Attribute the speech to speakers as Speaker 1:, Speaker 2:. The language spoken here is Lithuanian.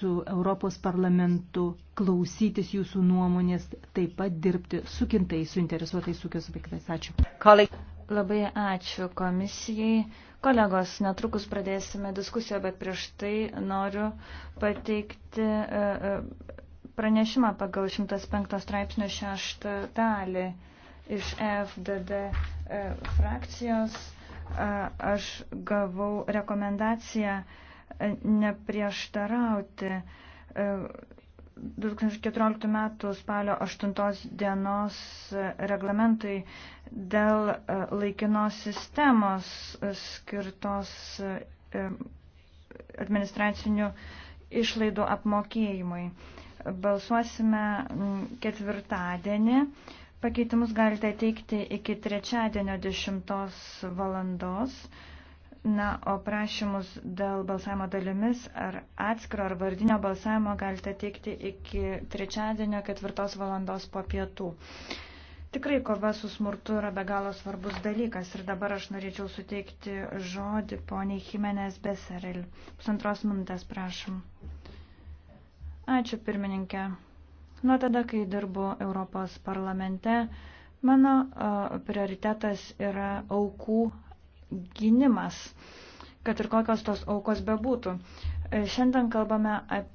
Speaker 1: su Europos parlamentu, klausytis jūsų nuomonės, taip pat dirbti su kintais suinteresuotais ūkio subjektais. Ačiū. Koleg... Labai ačiū komisijai. Kolegos, netrukus pradėsime diskusiją, bet prieš tai noriu pateikti e, e, pranešimą pagal 105 straipsnio 6 dalį iš FDD e, frakcijos. Aš gavau rekomendaciją neprieštarauti 2014 e, m. spalio 8 dienos reglamentui dėl e, laikinos sistemos skirtos e, administracinių išlaidų apmokėjimui. Balsuosime ketvirtadienį. Pakeitimus galite teikti iki trečiadienio 10 valandos. Na, o prašymus dėl balsavimo dalimis ar atskiro ar vardinio balsavimo galite teikti iki trečiadienio ketvirtos valandos po pietų. Tikrai kova su smurtu yra be galo svarbus dalykas ir dabar aš norėčiau suteikti žodį poniai Jimenez Beserel. Pusantros minutės prašom. Ačiū pirmininkė. Nuo tada, kai dirbu Europos parlamente, mano prioritetas yra aukų gynimas, kad ir kokios tos aukos bebūtų. E, šiandien kalbame apie